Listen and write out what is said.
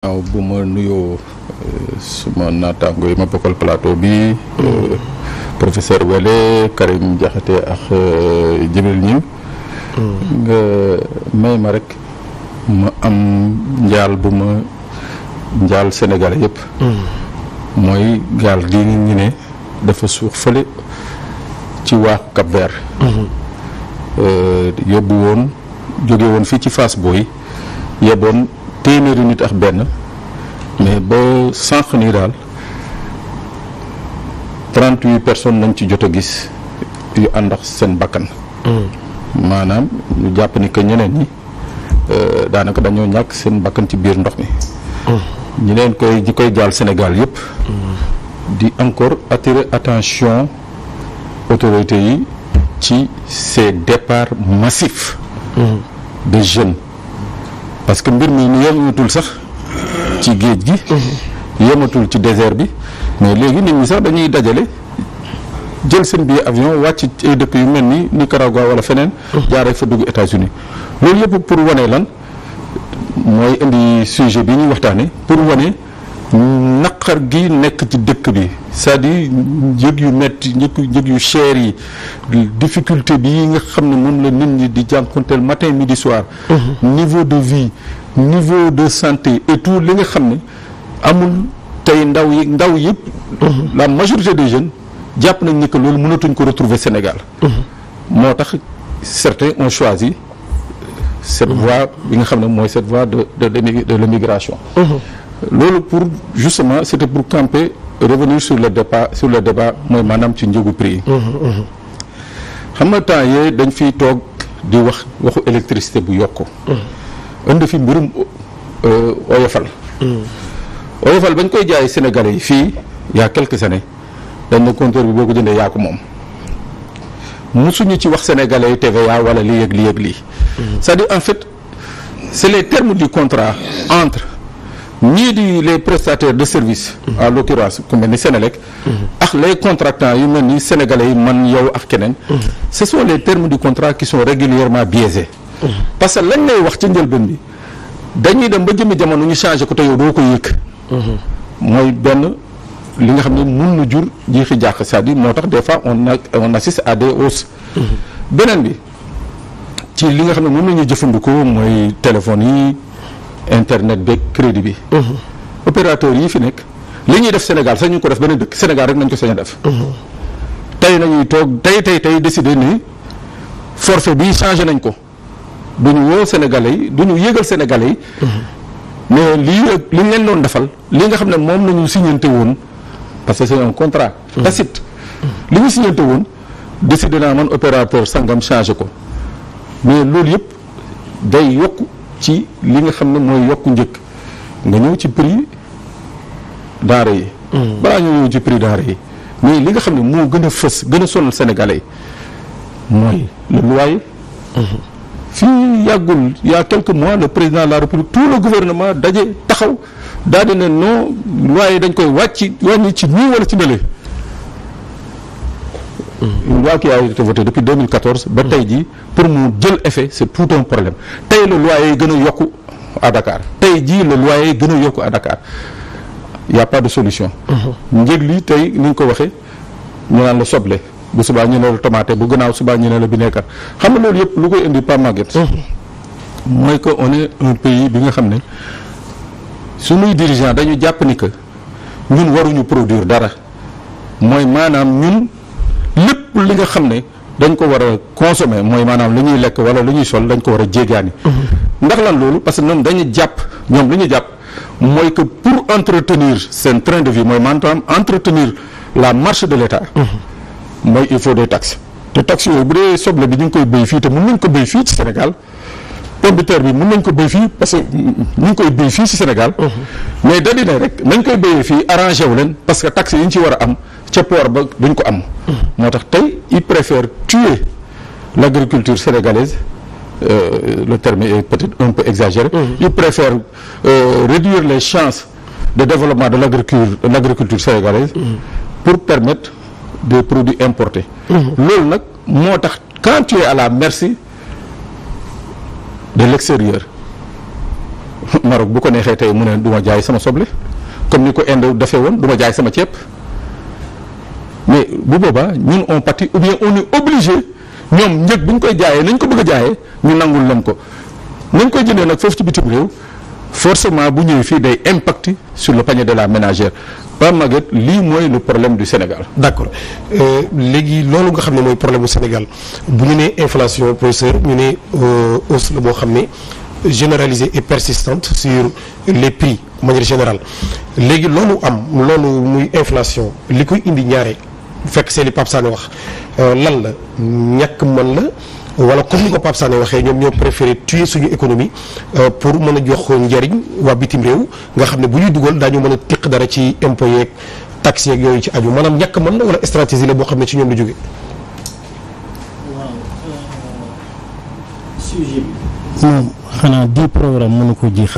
waaw bu ma nuyoo euh, suma naataango yi ma bokkal plateau bi euh, professeur Wele Karim Diakhaté ak euh, Jibril Ñing nga may ma rek ma am njaal bu ma njaal Sénégal yëpp mooy gaal gi ñu ne dafa suux fële ci waaxu Cap Vert yóbbu woon jóge fii ci Fass Boye yeboon téeméeri nit ak benn mais ba sànq nii daal trente huit personnes lañ ci jot a gis yu ànd seen bakkan. Hmm. maanaam ñu jàpp ni que ñeneen ñi euh, daanaka dañoo ñàkk seen bakkan ci biir ndox mi. Hmm. ñu koy ñi koy jaal Sénégal yëpp. Hmm. di encore attirer attention autorités yi ci ces départs massifs. de jeunes. parce que mbir mi ni yematul sax ci géej gi yematul ci désert bi mais léegi nit ñi sax dañuy dajale jël seen billet avion wàcc ay dëkk yu mel ni Nicaragua wala feneen jaaree fa dugg États-Unis loolu yëpp pour wane lan mooy indi sujet bi ñuy waxtaanee pour wane naqar gi nekk ci dëkk bi c'est-à-dire njëg yu metti njëg yu cher yi difficulté bi yi nga xam ne moom la nit ñi di jànkonteel matin midi soir mhm. niveau de vie niveau de santé et tout li nga xam ne amul tey ndaw yi ndaw yëpp mhm. la majorité des jeunes jàpp nañ ni que loolu mënatuñ ko retrouver Sénégal mhm. moo tax certains ont choisi cette voie bi nga xam ne mooy cette voie de de de l'immigration loolu pour justement c'était pour camper revenir sur le débat sur le débat mooy maanaam ci njëgu prix yi mhm, mhm. xam nga temps yee dañ fi toog di wax waxu électricité bu yokk indi mhm. fi mbirum euh, oyofal oyofal bañ koy jaay Sénégalais yi fii y a quelques années dañ ne compteur bi boo ko jëndee yaa ko moom musuñu ci wax sénégalais yi TVA wala li yëg li yëg lii cest à en fait c'est les termes du contrat entre ñii di les prestataires de service en l'occurrence ku mel ni Sénélec ak les contractants yu mel ni sénégalais yi man yow ak keneen ce sont les termes du contrat qui sont régulièrement biaisés parce que lañ lay wax ci njëlbeen bi dañuy dem ba jëmi jamono ñu changé ko te yow doo ko yëg mooy benn li nga xam ne mun na jur jiixi jàq c'est-à-dire moo tax des fois on a on assiste beneen bi ci li nga xam ne mën nañu jëfandikoo mooy téléphones yi internet beeg crédit bi. opérateur yi fi nekk li ñuy def Sénégal sax ñu ko def beneen dëkk Sénégal rek nañ ko sañ a def. tey nañuy toog tey tey tey décider nii forfait bi changé nañ ko du ñu woo Sénégalais yi du ñu yëgal Sénégalais yi. mais lii li ñu leen doon defal li nga xam ne moom la ñu woon parce que c'est un contrat. tacite li ñu signante woon décider naa man opérateur sangam changé ko mais loolu yëpp day yokk. ci li nga xam ne mooy yokku njëkk nga ñëw ci prix denrées yi. Hmm. balaa ñoo ñëw ci prix denrées yi mais li nga xam ne moo gën a fës gën a sonal sénégalais yi mooy le loyer. Hmm. fii yàggul il y mois le président de la république tout le gouvernement daje taxaw daal di ne non loyer dañ koy wàcc wàññi ci nii wala ci nële. une loi qui a été votée depuis 2014 ba tey jii pour mu jël effet c' est tout un problème tey le loyer gën a yokku à Dakar tey jii le loyer gën a yokku à Dakar a pas de solution. njëg li tey ni ko waxee ñu naan la soble bu subaa ñu ne la tomate bu gannaaw subaa ñu ne la bineekar xam nga loolu yëpp lu koy indi pas Maguette. mooy que on est un pays bi nga xam ne su suñuy dirigeant dañu jàpp ni que ñun waruñu produire dara mooy maanaam ñun. lépp li nga xam ne dañ ko war a consommer mooy maanaam lu ñuy lekk wala lu ñuy sol dañ ko war a jéggaani mhm. ndax lan loolu parce que ñoom dañu jàpp ñoom li ñu jàpp mooy que pour entretenir seen train de vie mooy maanaam entretenir la marche de l'État mhm. mooy il faut des taxes te taxes yooyu bu dee soble bi ñu ngi koy béy fii te mën nañ ko béy fii ci Sénégal pomme de terre bi mën nañ ko béy fii parce que ñu ngi koy béy fii ci Sénégal mhm. mais da di nañ koy béyee yi ñu ci a ca port ba duñ ko am. moo tax tey il préfère tuer l' agriculture sénégalaise euh, le terme est peut-être un peu exagéré. Mm-hmm. il préfère euh, réduire les chances de développement de l' agriculture de l' agriculture sénégalaise. Mm-hmm. pour permettre des produits importés. Mm-hmm. loolu nag moo tax quand tu à la merci de l' extérieur Maroc bu ko neexee tey mu ne du ma jaay sama soble comme ni ko Inde dafee woon du ma jaay sama ceeb. mais bu boobaa ñun on pâtit ou bien on est obligé ñoom njëg bu ñu koy jaayee nañ ko bëgg a jaayee ñu nangul leen ko nañ koy jëndee nag foofu ci bitim réew forcément bu ñëw fii day impacter sur le panier de la ménager Pape Maguette lii mooy le problème du Sénégal. d' accord euh, léegi loolu nga xam ne mooy problème bu Sénégal bu ñu nee inflation professeur ñu ne euh, hausse la boo xam ne généralisée et persistante sur les prix de manière générale léegi loolu am loolu muy inflation li koy indi ñaare. fekk seen i Pape Sané wax euh, lan la ñàkk mën la wala comme ni ko Pape waxee ñoom ñoo préféré tuer suñu économie euh, pour mën a jox njariñ waa bitim réew nga xam ne bu ñuy dugal daañu mën a tiq dara ci impôt yeeg taxe yeeg yooyu ci aju maanaam ñàkk mën la wala stratégie la boo xam ne ci ñoom la jógee. waaw euh, xanaa di programme mënu ko ji